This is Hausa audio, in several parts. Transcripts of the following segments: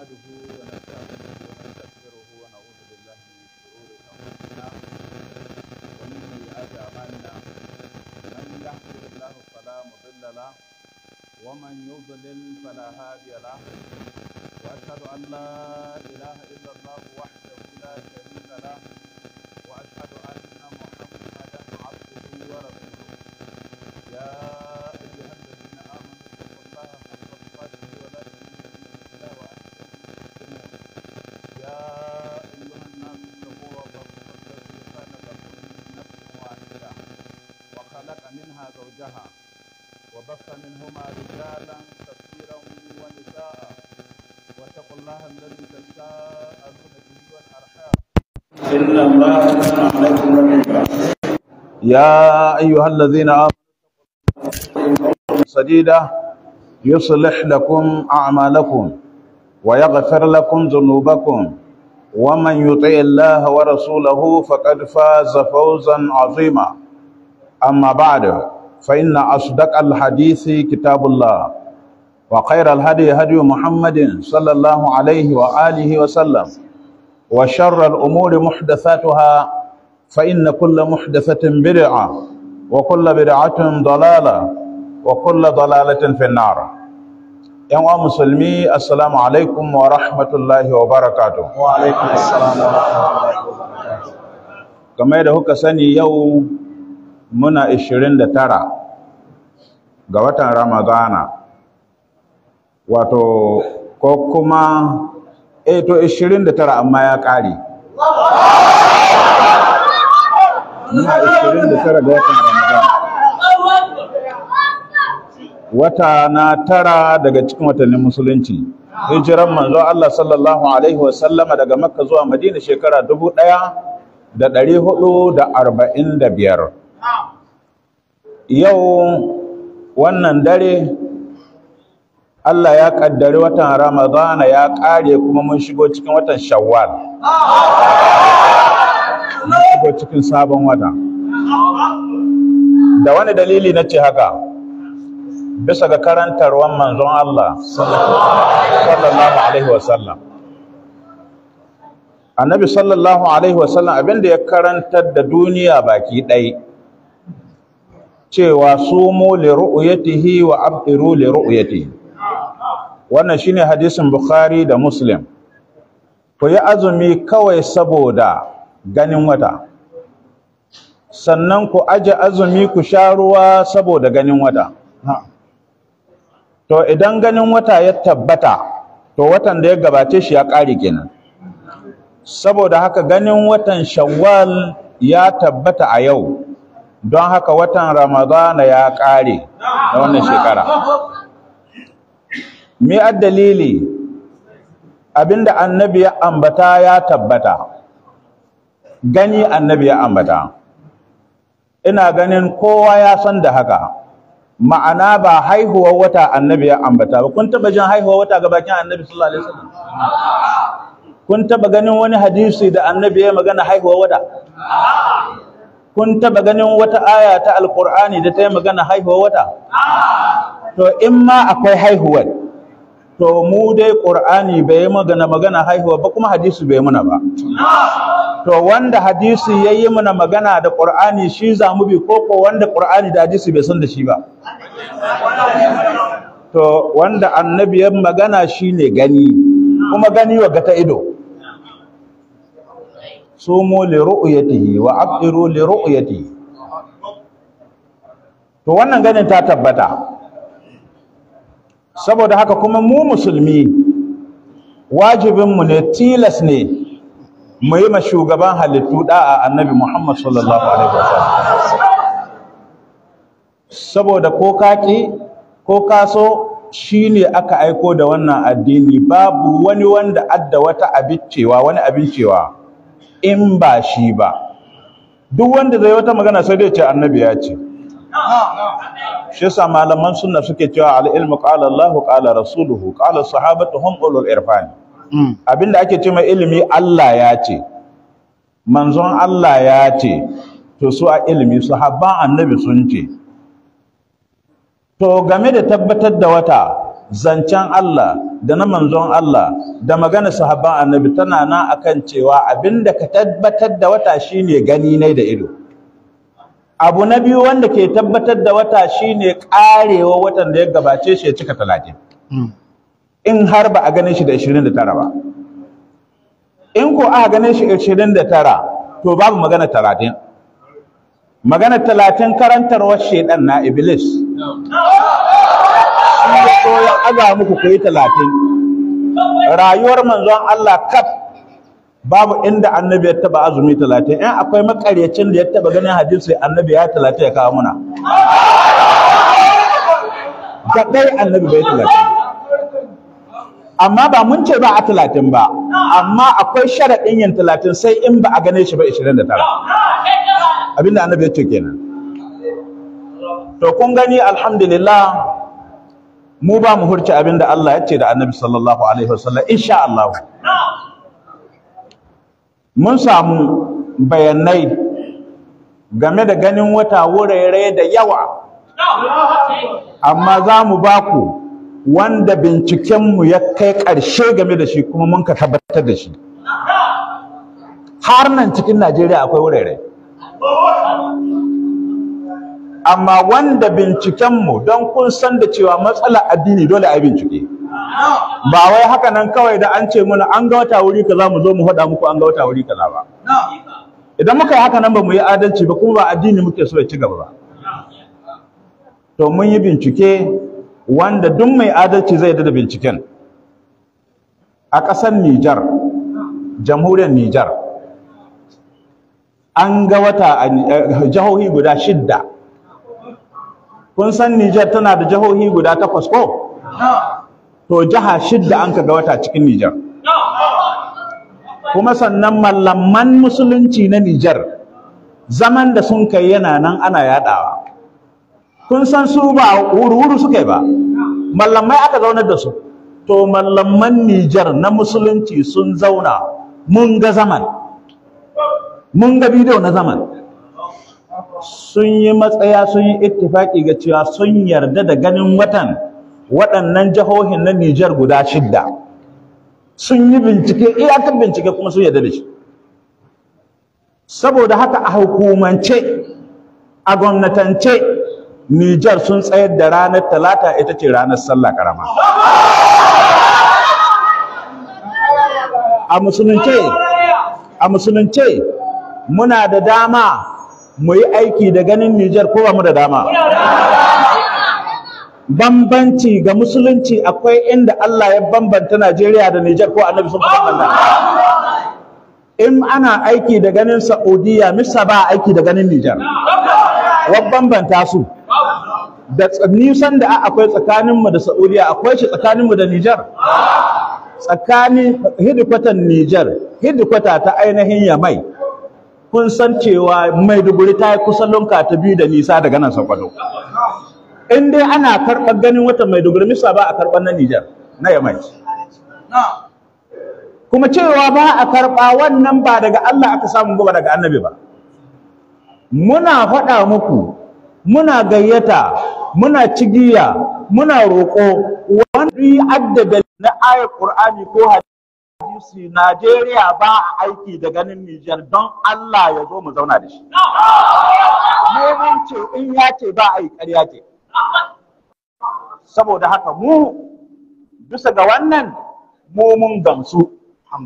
نحمده ونستعينه ونستغفره ونعوذ بالله من شرور انفسنا ومن سيئات اعمالنا من يهده الله فلا مضل له ومن يضلل فلا هادي له واشهد ان لا اله الا الله وحده لا شريك له واشهد ان محمدا عبده ورسوله يا منهما رجالا كثيرا ونساء واتقوا الله الذي تساءلون به والارحام ان الله كان عليكم رقيبا يا ايها الذين امنوا سديدا يصلح لكم اعمالكم ويغفر لكم ذنوبكم ومن يطع الله ورسوله فقد فاز فوزا عظيما اما بعد فإن أصدق الحديث كتاب الله وخير الهدي هدي محمد صلى الله عليه وآله وسلم وشر الأمور محدثاتها فإن كل محدثة بدعة وكل بدعة ضلالة وكل ضلالة في النار يا مسلمي السلام عليكم ورحمة الله وبركاته وعليكم السلام ورحمة الله وبركاته كما يدهك سني يوم muna 29 ga watan ramadana wato ko kuma eh to 29 amma ya ƙare muna 29 ga watan ramadana wata na tara daga cikin watannin musulunci hijiran manzo Allah sallallahu alaihi wasallama daga makka zuwa madina shekara dubu ɗaya da ɗari hudu da arba'in da biyar yau wannan dare Allah ya kaddari watan Ramadana ya kare kuma mun shigo cikin watan Shawwal mun shigo cikin sabon wata da wani dalili na ce haka bisa ga karantarwan manzon Allah sallallahu alaihi wasallam annabi sallallahu alaihi wasallam abinda ya karantar da duniya baki ɗaya cewa sumu li ru'yatihi wa abdiru li ru'yatihi wannan shine hadisin bukhari da muslim ku yi azumi kawai saboda ganin wata sannan ku aje azumi ku sha ruwa saboda ganin wata to idan ganin wata ya tabbata to watan da ya gabace shi ya ƙare kenan saboda haka ganin watan shawwal ya tabbata a yau don haka watan ramadana ya ƙare na wannan shekara me dalili abinda annabi ya ambata ya tabbata gani annabi ya ambata ina ganin kowa ya san da haka ma'ana ba haihuwar wata annabi ya ambata ba kun taba jin haihuwar wata ga bakin annabi sallallahu alaihi wasallam kun taba ganin wani hadisi da annabi ya magana haihuwar wata kun taba ganin wata aya ta alkur'ani da ta yi magana haihuwar wata to in ma akwai haihuwar to mu dai qur'ani bai magana magana haihuwa ba kuma hadisi bai muna ba to wanda hadisi yayi muna magana da qur'ani shi za mu bi ko ko wanda qur'ani da hadisi bai san da shi ba to wanda annabi ya magana shine gani kuma gani wa ta ido sumu li ru'yatihi wa abdiru li ru'yatihi to wannan ganin ta tabbata saboda haka kuma mu musulmi wajibinmu ne tilas ne mu yi ma shugaban halittu da'a annabi Muhammad sallallahu alaihi wasallam saboda ko kaki ko kaso shine aka aiko da wannan addini babu wani wanda adda wata abincewa wani abincewa in ba shi ba duk wanda zai wata magana sai dai ce annabi ya ce shi sa malaman sunna suke cewa al-ilmu qala Allah qala rasuluhu qala sahabatu hum ulul irfan mm. abinda ake ce mai ilimi Allah ya ce manzon Allah ya ce to su a ilimi sahabban annabi sun ce to game da tabbatar da wata zancen Allah da na manzon Allah da magana sahabban annabi tana na akan cewa abinda ka tabbatar da wata shine gani ne da ido abu na biyu wanda ke tabbatar da wata shine karewa watan da ya gabace shi ya cika 30 hmm. in har ba a gane shi da 29 ba in ko aka gane shi 29 to babu magana 30 magana 30 karantarwar shedan na iblis so ya aza muku ku yi talatin rayuwar manzon Allah kaf babu inda annabi ya taba azumi talatin in akwai makaryacin da ya taba ganin hadisi annabi ya talatin ya kawo muna ga dai annabi bai talatin amma ba mun ce ba a talatin ba amma akwai sharaɗin yin talatin sai in ba a gane shi ba ishirin da tara abinda annabi ya ce kenan to kun gani alhamdulillah mu ba mu hurci abin da Allah ya ce da annabi sallallahu alaihi wasallam insha Allah mun samu bayanai game da ganin wata wurare da yawa amma za mu ba ku wanda binciken mu ya kai ƙarshe game da shi kuma mun ka tabbatar da shi har nan cikin Najeriya akwai wurare amma wanda mu don kun san da cewa matsala addini dole a bincike ba wai haka nan kawai da an ce muna an ga wata wuri kaza mu zo mu faɗa muku an ga wata wuri kaza ba idan muka yi haka nan ba mu yi adalci ba kuma ba addini muke so ya ci gaba ba to mun yi bincike wanda duk mai adalci zai da binciken a ƙasar Nijar jamhuriyar Nijar an ga wata eh, jihohi guda shidda kun san Nijar tana da jihohi guda takwas ko to jiha shidda an ka ga wata cikin Nijar kuma sannan mallaman musulunci na Nijar zaman da sun kai yana nan ana yadawa kun san su ba wuru-wuru suka yi ba mallamai aka zaunar da su to mallaman Nijar na musulunci sun zauna mun ga zaman mun ga bidiyo na zaman sun yi matsaya sun yi ittifaki ga cewa sun yarda da ganin watan waɗannan jihohin na Nijar guda shidda sun yi bincike iyakar bincike kuma sun yarda da shi saboda haka a hukumance a gwamnatance Nijar sun tsayar da ranar talata ita ce ranar sallah karama a musulunce muna da dama mu yi aiki da ganin Nijar ko ba mu da dama bambanci ga musulunci akwai inda Allah ya bambanta Najeriya da Nijar ko annabi sun bambanta in ana aiki da ganin Saudiya misa ba aiki da ganin Nijar wa bambanta su da nisan da akwai tsakaninmu da Saudiya akwai shi tsakaninmu da Nijar tsakanin hidikwatan Nijar hidikwata ta ainihin Yamai kun san cewa maiduguri ta yi kusan lunka ta biyu da nisa daga nan sokoto in dai ana karɓar ganin wata maiduguri misa ba a karɓar na nijar na yamai kuma cewa ba a karɓa wannan ba daga allah aka samu ba daga annabi ba muna faɗa muku muna gayyata muna cigiya muna roƙo wani addada na ayar ƙur'ani ko hadisi hadisi Najeriya ba a aiki da ganin Nijar don Allah ya zo mu zauna da shi. Neman ce in ya ce ba a yi ƙarya ce. Saboda haka mu bisa ga wannan mu mun gamsu.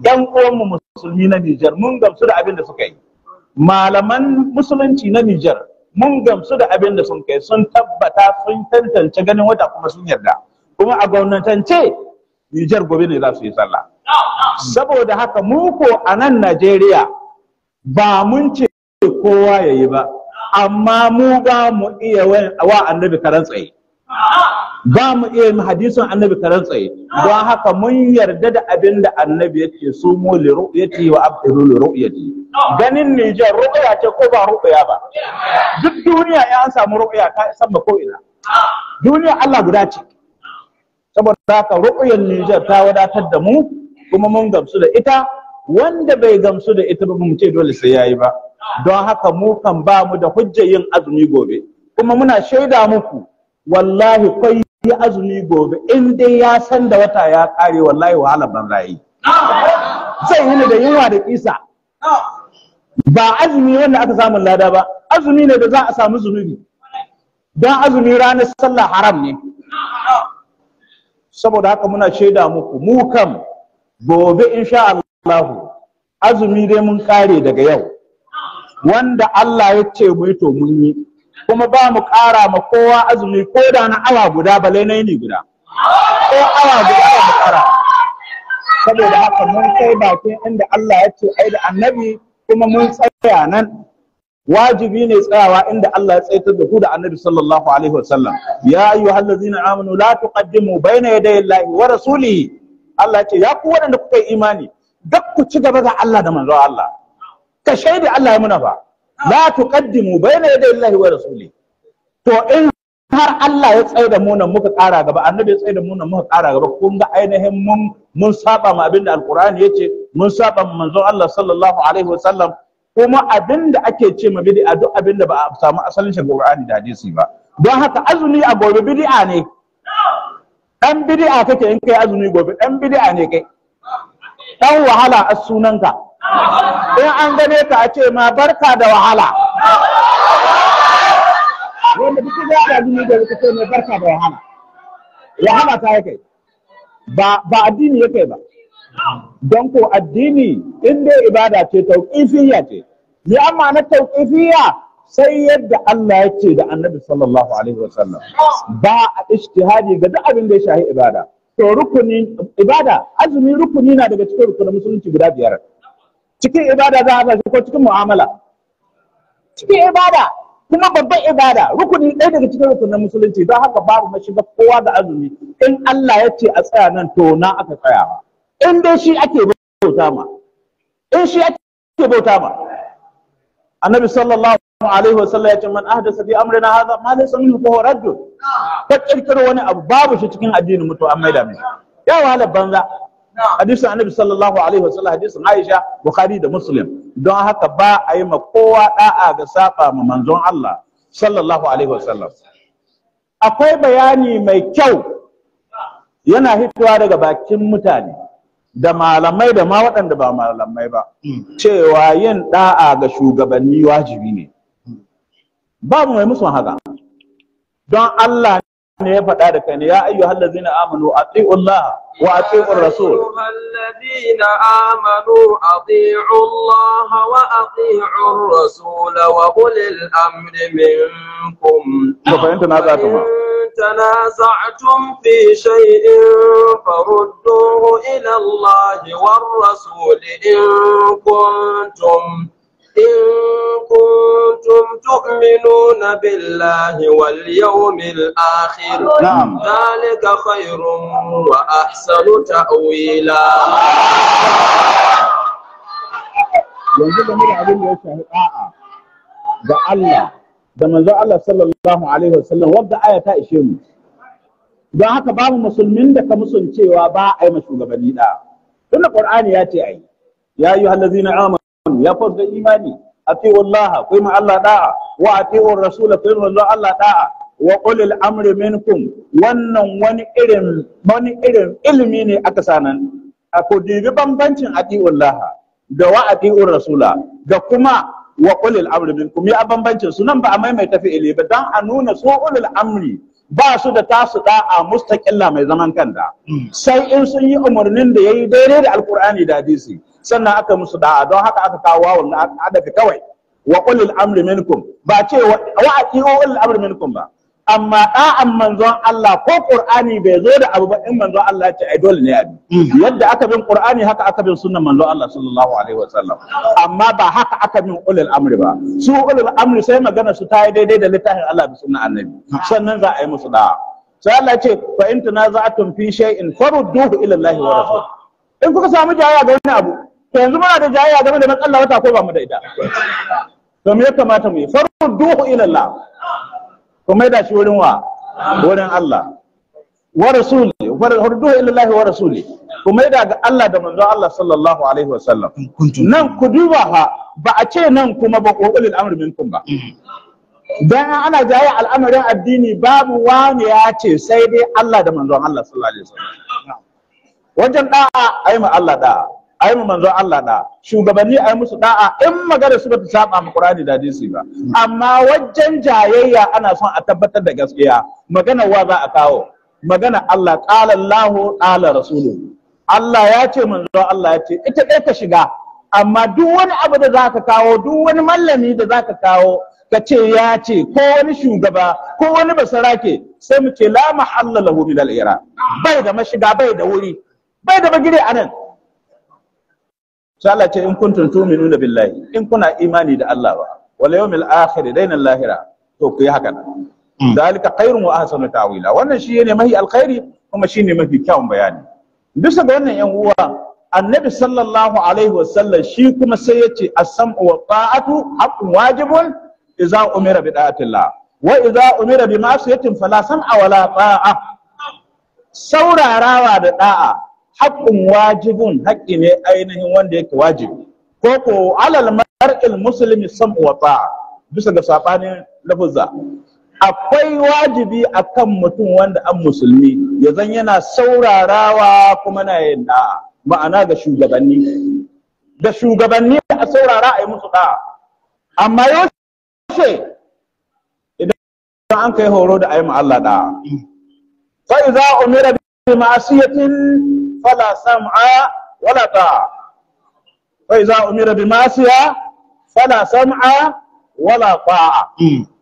‘Yan mu musulmi na Nijar mun gamsu da abin da suka yi. Malaman musulunci na Nijar mun gamsu da abin da sun kai sun tabbata sun tantance ganin wata kuma sun yarda. Kuma a gwamnatance Nijar gobe ne za su yi sallah. saboda haka mu ko a nan Najeriya ba mun ce kowa ya yi ba amma mu ba mu iya wa annabi karan tsaye ba mu iya hadisin annabi karan tsaye don haka mun yarda da abin da annabi yake su mu li ru'yati wa abdu li ru'yati ganin Nijar ru'ya ce ko ba ru'ya ba duk duniya ya an samu ru'ya ta san ba ko ina duniya Allah guda ce saboda haka ru'yar Nijar ta wadatar da mu kuma mun gamsu da ita wanda bai gamsu da ita ba mu ce dole sai yayi ba don haka mu kan ba mu da hujja yin azumi gobe kuma muna shaida muku wallahi kai yi azumi gobe in dai ya san da wata ya kare wallahi wahala ban rayi zai yi da yunwa da kisa ba azumi wanda aka samu lada ba azumi ne da za a samu zunubi don azumi ranar sallah haram ne saboda haka muna shaida muku mu kam gobe insha Allah azumi dai mun kare daga yau wanda Allah ya ce mu to mun yi kuma ba mu ƙara ma kowa azumi ko da na awa guda ba na ne guda ko awa guda ba mu kara. saboda haka mun kai bakin inda Allah ya ce ai da annabi kuma mun tsaya nan wajibi ne tsayawa inda Allah ya tsaitar da ku da annabi sallallahu alaihi wasallam ya ayyuhallazina amanu la tuqaddimu bayna yadayillahi wa rasulihi Allah ya ce ya ku waɗanda kuka yi imani Duk ku ci gaba da Allah da manzon Allah ka shaidi Allah ya muna fa la tuqaddimu bayna yaday Allahi wa rasuli to in har Allah ya tsada da mu nan muka ƙara gaba annabi ya tsaye da mu nan muka ƙara gaba kun ga ainihin mun mun saba ma abinda alqur'ani yace mun saba manzo Allah sallallahu alaihi wa sallam kuma abinda ake ce ma bid'a duk abinda ba a samu asalin shi Qur'ani da hadisi ba don haka azumi a gobe bid'a ne dan bid'a kake in kai azumi gobe dan bid'a ne kai Ɗan wahala a sunanka in an gane ka a ce ma barka da wahala wanda duk ya azumi gobe ka ce mai barka da wahala wahala ta yake ba ba addini yake ba don ko addini in dai ibada ce tauqifiyya ce Ya amma na tauqifiyya sai yadda Allah ya ce da annabi sallallahu alaihi wa wasallam ba a ishtihadi ga duk abin da ya shahi ibada to rukuni ibada azumi rukuni na daga cikin rukunin musulunci guda biyar cikin ibada za a ba shi ko cikin mu'amala cikin ibada kuma babban ibada rukuni ɗaya daga cikin rukunin musulunci don haka babu mashiga kowa ga azumi in Allah ya ce a tsaya nan to na aka tsayawa in dai shi ake bauta ma in shi ake bauta ma annabi sallallahu alaihi wasallam ya ce man ahdasa fi amrina hadha ma laysa minhu fa huwa raddun ka kirkiro wani abu babu shi cikin addinin mutu an maida mai ya wahala banza hadisin annabi sallallahu alaihi wa sallam, hadisin aisha bukhari da muslim don haka ba a yi ma kowa da'a ga safa ma manzon Allah sallallahu alaihi wa sallam. akwai bayani mai kyau yana hitowa daga bakin mutane da malamai da ma waɗanda ba malamai ba cewa yin ɗa'a ga shugabanni wajibi ne babu mai musu haka don Allah ne ya faɗa da kai ne ya ayyu hallazina amanu ati'u Allah wa ati'u rasul hallazina amanu ati'u Allah wa ati'u rasul wa ulil amri minkum ba fahimta na zata ma تنازعتم في شيء فردوه إلى الله والرسول إن كنتم إن كنتم تؤمنون بالله واليوم الآخر نعم ذلك خير وأحسن تأويلا yanzu game da abin da ya a'a ga Allah da manzo Allah sallallahu alaihi wasallam aya ta ishe mu don haka babu musulmin da ka musuncewa ba a yi shugabanni da tunda qur'ani ya ce ai ya ayyuhallazina amanu ya fara imani atiyu Allah kai ma Allah da'a wa atiyu Rasul kai ma Allah da'a wa ulil amri minkum wannan wani irin wani irin ilimi ne aka sanan a ko dibi bambancin atiyu Laha da wa a atiyu Rasula da kuma wa ulil amri minkum ya bambancin su nan ba a maimaita fi'ili ba don a nuna su ulil amri ba su da tasu da'a mustaqilla mai zaman kanta mm. sai in sun yi umarnin da ya yi daidai da alqur'ani da hadisi sannan aka musu da'a don haka aka kawo wawan wawun adafi kawai wa ulil amri minkum ba ce wa atiu ulil amri minkum ba amma da'an manzon Allah ko Qur'ani bai zo da abu ba in manzon Allah ya ce ai dole ne a bi. Mm-hmm. yadda aka bin Qur'ani haka aka bin sunnan manzon Allah sallallahu alaihi wa sallam. amma ba haka aka bin ulul amri ba su ulul amri sai magana su ta yi daidai da littafin Allah da sunnan annabi sannan za a yi musu da'a sai Allah ya ce fa in tunaza'atum fi shay'in farudduhu ila Allah wa rasul in kuka samu jaya ga wani abu yanzu muna da jayayya game da matsalar wata ko ba mu da ita to me ya kamata mu yi farko duhu ila Allah ku mai da shi wurin wa wurin Allah wa rasuli farduhu ila Allah wa rasuli ku mai da ga Allah da manzon Allah sallallahu alaihi wa sallam nan ku duba ha ba a ce nan kuma ba ku ulil amr minkum ba mm-hmm. dan ana jayayya al'amarin addini babu wani ya ce sai dai Allah da manzon Allah sallallahu alaihi wa sallam wajen da'a ayi ma Allah da'a a yi manzo Allah da shugabanni a yi musu da'a in magana su ta saba ma Qur'ani da hadisi ba amma wajen jayayya ana son a tabbatar da gaskiya magana wa za a kawo magana Allah qala Allahu qala rasulu Allah ya ce manzo Allah ya ce ita dai ka shiga amma duk wani abu da zaka kawo duk wani mallami da zaka kawo ka ce ya ce ko wani shugaba ko wani basarake sai mu ce la mahalla lahu min al bai da mashiga bai da wuri bai da bagire anan sai Allah ce in kuntum tu'minuna billahi in kuna imani da Allah ba wal yawmil akhir dainan lahira to ku yi haka dalika hmm. khairun wa ahsanu ta'wila wannan shi ne mahi alkhairi kuma shi ne mafi kyawun bayani bisa ga wannan yan uwa annabi sallallahu alaihi sallam, shi kuma sai ya ce as-sam'u wa ta'atu haqqun wajibun idza umira bi da'atillah wa idza umira bi ma'siyatin fala sam'a wala ta'a saurarawa da da'a Haƙƙin wajibin haƙƙi ne ainihin wanda yake wajibi ko ko alal mar'il muslimi sam wa ta bisa ga sabanin lafuzza akwai wajibi akan mutum wanda an musulmi ya zan yana saurarawa kuma na yin ma'ana ga shugabanni da shugabanni a saurara a yi musu da amma yaushe idan an kai horo da a yi Allah da fa iza umira bi ma'asiyatin فلا سمع ولا طاعة فإذا أمر بمعصية فلا سمع ولا طاعة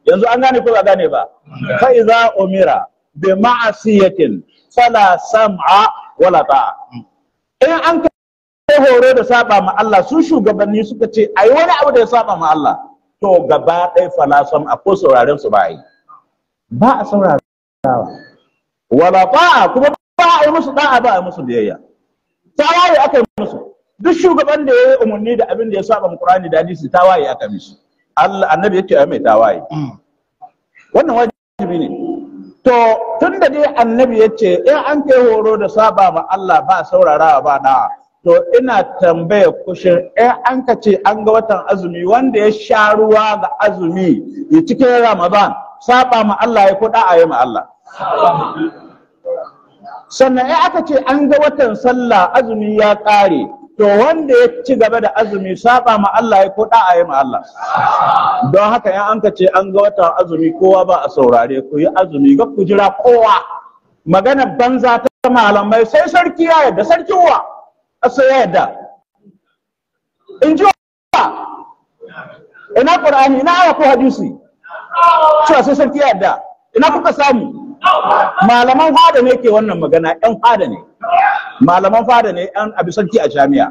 yanzu an gane ko ba gane ba fa iza umira bi ma'asiyatin fala sam'a wala ta'a in an kai horo da saba ma Allah su shugabanni suka ce ai wani abu da ya saba ma Allah to gaba ɗaya fala sam'a ko sauraren su ba yi ba a saurarawa wala ta'a kuma ba a yi musu da'a ba a yi musu biyayya tawaye aka yi musu duk shugaban da ya yi umarni da abin da ya saba Qur'ani da hadisi tawaye aka mishi Allah annabi yake ya mai tawaye wannan wajibi ne to tun da dai annabi ya ce in an kai horo da saba ma Allah ba saurara ba na, to ina tambaya kushin in an ka ce an ga watan azumi wanda ya sha ruwa ga azumi ya cikin Ramadan saba ma Allah ya ko da'a yi ma Allah sannan ya aka ce an ga watan sallah azumi ya ƙare to wanda ya ci gaba da azumi saba ma Allah ya ko da'a ya ma Allah don haka ya an ce an ga watan azumi kowa ba a saurare ku yi azumi ga ku jira kowa magana banza ta malamai sai sarki ya yadda. sarki wa sai ya yadda. in ji wa ina qur'ani ina aya ko hadisi cewa sai sarki ya yadda. ina kuka samu malaman fada ne ke wannan magana yan fada ne malaman fada ne yan abisarki a jami'a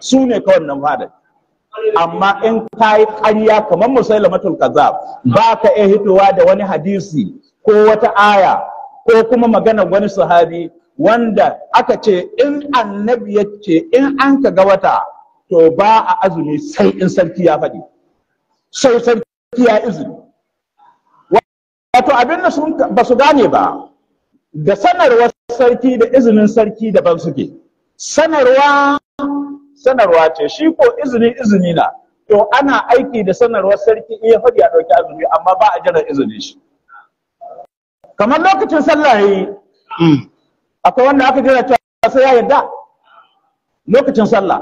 su ne ka wannan fada amma in ka yi ƙarya kamar musailamatul kaza ba ka iya hitowa da wani hadisi ko wata aya ko kuma magana wani sahabi wanda aka ce in annabi ya ce in an ka ga wata to ba a azumi sai in sarki ya faɗi sai sarki ya izini wato abin da sun ba su gane ba da sanarwar sarki da izinin sarki daban suke sanarwa sanarwa ce shi ko izini izini na to ana aiki da sanarwar sarki iya faɗi a ɗauki azumi amma ba a jiran izini shi kamar lokacin sallah yi hmm. akwai wanda aka jira cewa sai ya yarda lokacin sallah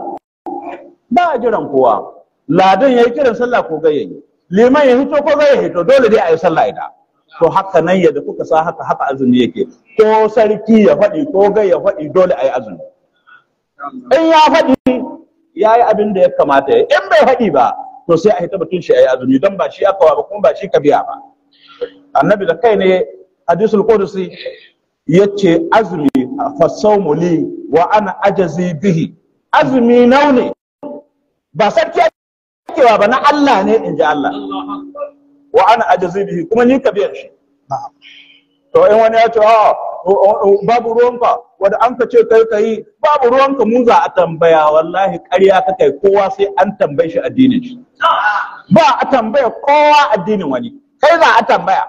ba a jiran kowa ladin ya yi kiran sallah ko gaye liman ya hito ko gaye hito dole dai a yi sallah idan to haka nan yadda kuka sa haka haka azumi yake ko sarki ya faɗi ko gai ya faɗi dole a yi azumi in ya faɗi ya yi abin da ya kamata ya in bai faɗi ba to sai a hita batun shi a yi azumi don ba shi aka wa ba kuma ba shi ka biya ba annabi da kai ne hadisul ya yace azumi fa li wa ana ajazi bihi azumi ne ba sarki ake ba na Allah ne in ji Allah wa ana ajazi bihi kuma ni ka biyan shi to in wani ya ce a ah, babu ruwanka wanda an ka ce kai kai babu ruwanka mun za a tambaya wallahi ƙarya ka kai kowa sai an tambaye shi addinin shi ba a tambaya kowa addinin wani kai za a tambaya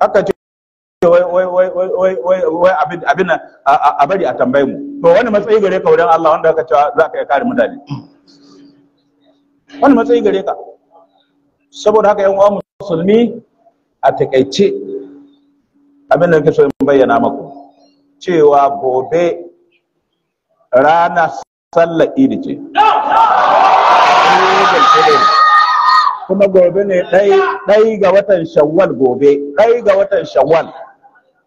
haka ce wai wai wai wai wai wai abin abin a bari a tambaye mu to wani matsayi gare ka wurin Allah wanda ka ce za ka kare mutane wani matsayi gare ka saboda haka yan uwa musulmi a takaice abin da so in bayyana maku cewa gobe rana sallar idi ce kuma gobe ne ɗai ga watan shawwal gobe ɗai ga watan shawwal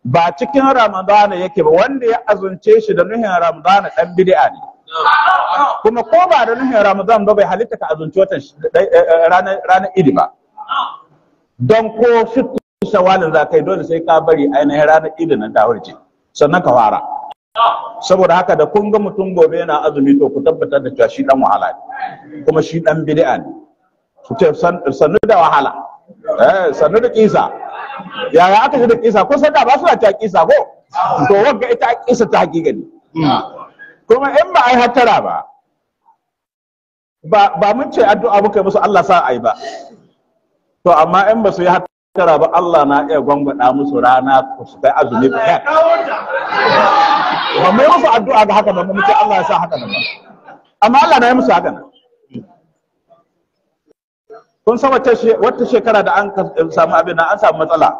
ba cikin ramadana yake ba wanda ya azunce shi da nuhin ramadana ɗan bid'a ne kuma ko ba da nuhin ramadana ba bai halitta ka azunci watan eh, eh, ranar idi ba don ko shittu shawalin za kai dole sai ka bari ainihin ranar idin na ce sannan ka fara saboda haka da kun ga mutum gobe yana azumi to ku tabbatar da cewa shi dan wahala ne kuma shi dan bid'a ne ku ce sannu da wahala eh sannu da kisa yaya aka ce da kisa ko da ba su da ta kisa ko to wanga ita kisa ta hakika ne kuma in ba ai hattara ba ba mun ce addu'a muka musu Allah sa ai ba to amma in ba su yi hatara ba Allah na iya gwangwada musu rana su kai azumi ba ba mai musu addu'a ga haka ba mu ce Allah ya sa haka ba amma Allah na yi musu haka kun san wata shekara da an samu abin an samu matsala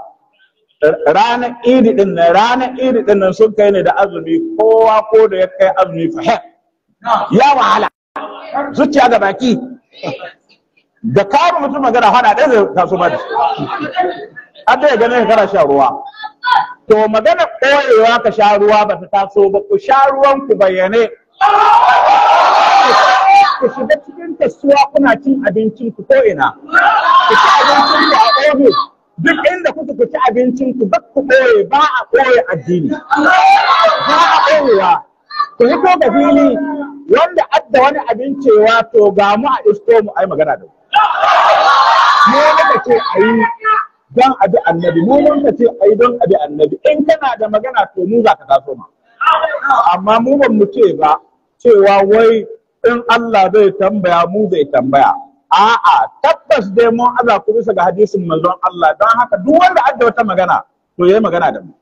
ranar idi din nan ranar idi din nan sun kai ne da azumi kowa ko da ya kai azumi fa ya wahala zuciya ga baki da kama mutum magana hana ɗaya zai taso ma da an da ya ganin kana sha ruwa to magana koyewa ka sha ruwa ba ta taso ba ku sha ruwan ku bayyane ku shiga cikin kasuwa kuna cin abincin ku ko ina ku ci abincin ku a ɗaya duk inda kuka ku ci abincin ku ba ku ɓoye ba a ɓoye addini ba a ɓoyewa ku hito ga fili wanda adda wani abincewa to ga mu a isko mu ai magana da ku mu muka ce a yi don a bi annabi mu muka ce a yi don a bi annabi in kana da magana to mu za ka taso ma amma mu ban mu ce ba cewa wai in Allah zai tambaya mu zai tambaya a'a tabbas dai mun aza ku bisa ga hadisin manzon Allah don haka duk wanda adda wata magana to yayi magana da mu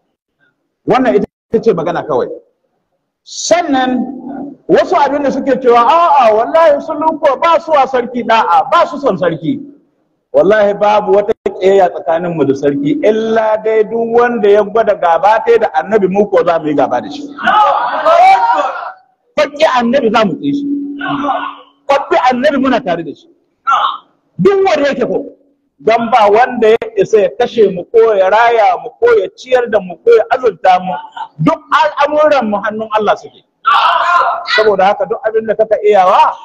wannan ita ce magana kawai sannan wasu abin da suke cewa a'a wallahi sun luko ba su a sarki da'a ba su son sarki wallahi babu wata ƙeya tsakanin mu da sarki illa dai duk wanda ya gwada gaba ta da annabi mu ko za mu yi gaba da shi fakke annabi za mu shi fakke annabi muna tare da shi duk wanda yake ko don ba wanda ya isa ya kashe mu ko ya raya mu ko ya ciyar da mu ko ya azurta mu duk al'amuran mu hannun Allah suke saboda haka duk abin da kaka iyawa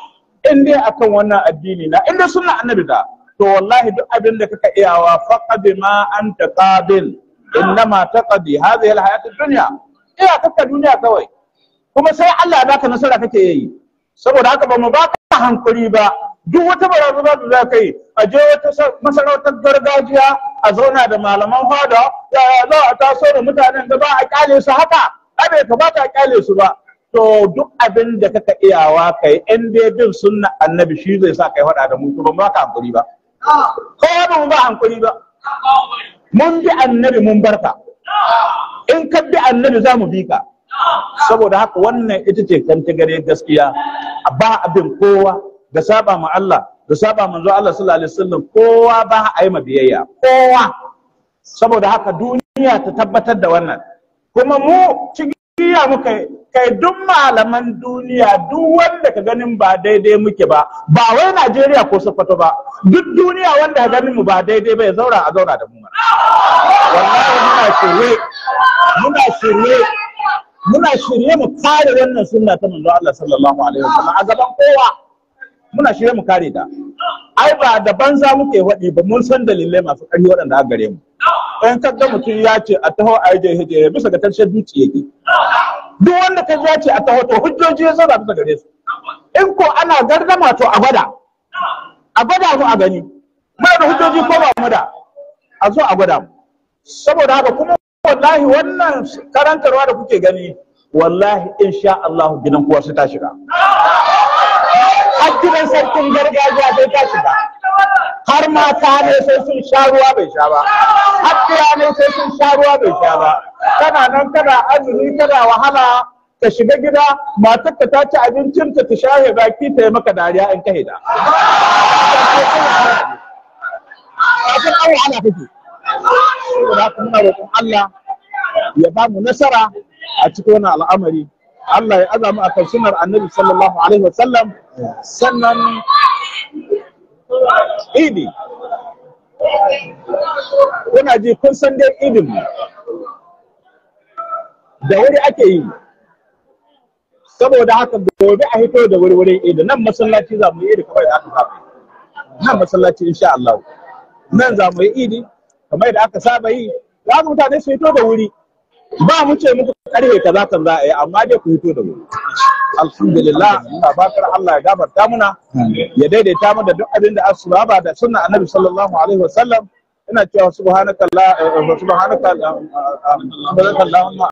in dai akan wannan addini na inda suna annabi da to wallahi duk abin da kaka iyawa faqad ma anta qabil innama taqdi hadhihi alhayat ad-dunya iya kaka duniya kawai kuma sai Allah ya baka nasara kake yi saboda haka ba mu baka hankuri ba duk wata barazana da za ka yi a je wata masarautar gargajiya a zauna da malaman fada ya za a taso da mutanen da ba a kyale su haka ai bai kamata a kyale su ba to duk abin da kaka iyawa kai in dai bin sunna annabi shi zai sa kai faɗa da mu ba ka hankuri ba ko ba mu ba hankuri ba mun bi annabi mun bar ka in ka bi annabi za mu bi ka saboda haka wannan ita ce kan ta gare gaskiya ba abin kowa da saba ma Allah da saba manzo Allah sallallahu alaihi wasallam kowa ba a yi biyayya kowa saboda haka duniya ta tabbatar da wannan kuma mu duniya muka kai duk malaman duniya duk wanda ka ganin ba daidai muke ba ba wai Najeriya ko Sokoto ba duk duniya wanda ka ganin mu ba daidai ba ya zaura a zaura da mu wallahi muna shirye muna shirye muna shirye mu kare wannan sunna ta manzo Allah sallallahu alaihi wasallam a gaban kowa muna shirye mu kare ta ai ba da banza muke waɗi ba mun san dalilai masu ƙarfi waɗanda a gare mu in kadda mutum ya ce a taho a yi jahijiya bisa ga karshen dutse ke. duk wanda ka ya ce a taho to hujjoji ya zaba bisa gare su in ko ana gardama to a gwada a gwada mu a gani mai da hujjoji ko ba mu da a zo a gwada mu saboda haka kuma wallahi wannan karantarwa da kuke gani wallahi insha Allah gidan kuwa su ta shiga gidan sarkin gargajiya sai ta shiga har mata ne sai sun sha ruwa bai sha ba hakkiya ne sai sun sha ruwa bai sha ba kana nan kana azumi kana wahala ka shiga gida matarka ta ci abincin ta ta shahe baki ta yi maka dariya in ka hida kafin an wahala kake saboda haka roƙon Allah ya ba mu nasara a cikin wannan al'amari Allah ya azamu a kan sunar annabi sallallahu alaihi wasallam sannan idi kuna ji kun san dai idin da wuri ake yi saboda haka gobe a hito da wuri wurin idi nan masallaci za mu yi idi kamar da aka saba nan masallaci insha Allah nan za mu yi idi kamar da aka saba yi za mutane su hito da wuri ba mu ce muku karfe kaza kan za a yi amma dai ku hito da wuri alhamdulillah ina fatar Allah ya gafarta muna ya daidaita mu da duk abin da asuraba da sunna annabi sallallahu alaihi wasallam ina cewa subhanaka la eh, eh, subhanaka allahumma eh,